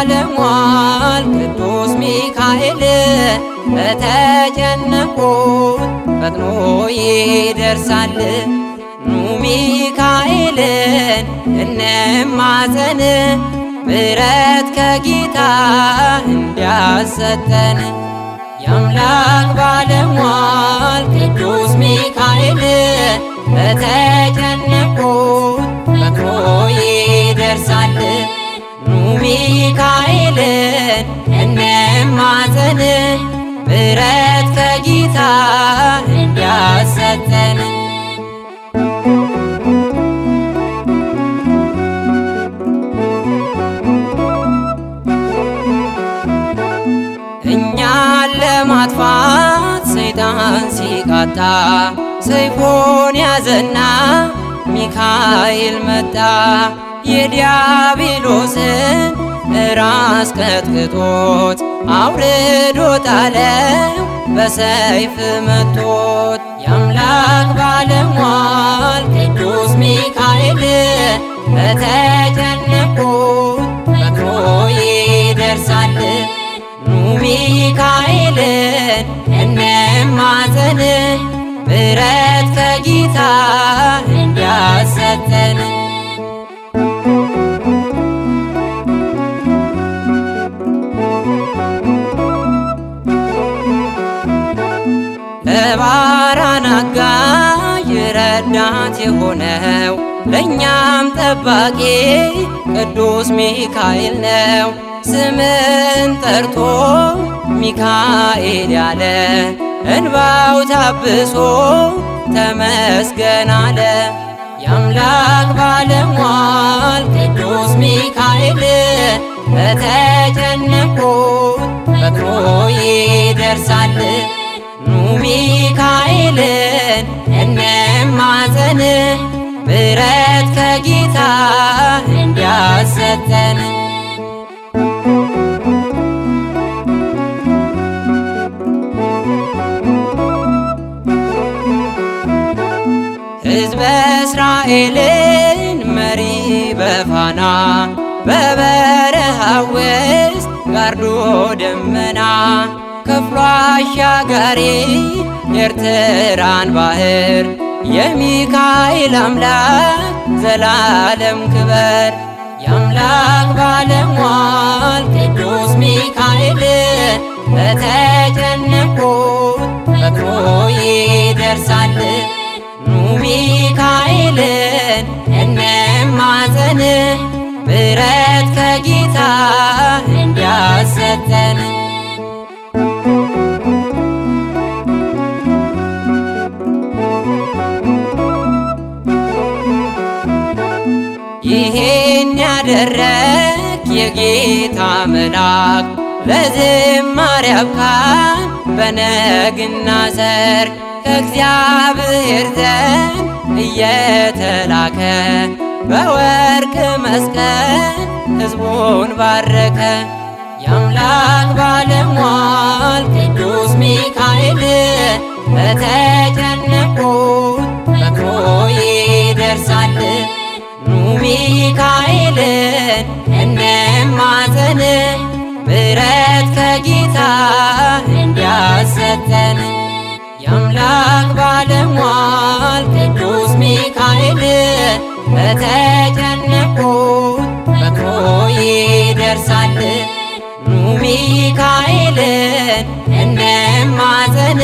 ባለሟል ቅዱስ ሚካኤል በተጨነቁት ፈጥኖ ይደርሳል። ኑ ሚካኤልን እንማፀን ምሕረት ከጌታ እንዲያሰጠን የአምላክ ባለሟል ቅዱስ ሚካኤል በተጨነቁ ምሕረት ከጌታ እንዲያሰጠን ለማጥፋት ሰይጣን ሲቃጣ ሰይፎን ያዘና ሚካኤል መጣ የዲያብሎስን ራስ ቀጥቅጦት አውርዶ ጣለ በሰይፍ መቶት የአምላክ ባለሟል ቅዱስ ሚካኤል በተጨነቁት መክሮ ይደርሳል። ኑ ሚካኤልን እንማፀን ብረት ከጌታ እንዲያሰጠን አባት የሆነው ለእኛም ጠባቂ ቅዱስ ሚካኤል ነው። ስምን ጠርቶ ሚካኤል ያለ እንባው ታብሶ ተመስገን አለ። የአምላክ ባለሟል ቅዱስ ሚካኤል በተጨነቁት በቅሮ ይደርሳል ኑ ሚካኤልን ማዘን ብረት ከጌታ እንዲያሰጠን ሕዝበ እስራኤልን መሪ በፋና በበረሃ ውስጥ ጋርዶ ደመና ከፍሎ አሻጋሪ ኤርትራን ባህር የሚካኤል አምላክ ዘላለም ክበር የአምላክ ባለሟል ቅዱስ ሚካኤል በተጨነቁት መክሮ ይደርሳል። ኑ ሚካኤልን እንማፀን ብረት ከጌታ እንዲያሰጠን አደረክ የጌታ መልአክ በዝማሬ አብካን በነግና ሰር ከእግዚአብሔር ዘንድ እየተላከ በወርቅ መስቀል ሕዝቡን ባረከ። የአምላክ ባለሟል ቅዱስ ሚካኤል በተጨነቁ ሚካኤልን እንማፀን ብረት ከጌታ እንዲያሰጠን የአምላክ ባለሟል ቅዱስ ሚካኤል በተጨነቁት መክሮ ይደርሳል ኑ ሚካኤልን እንማፀን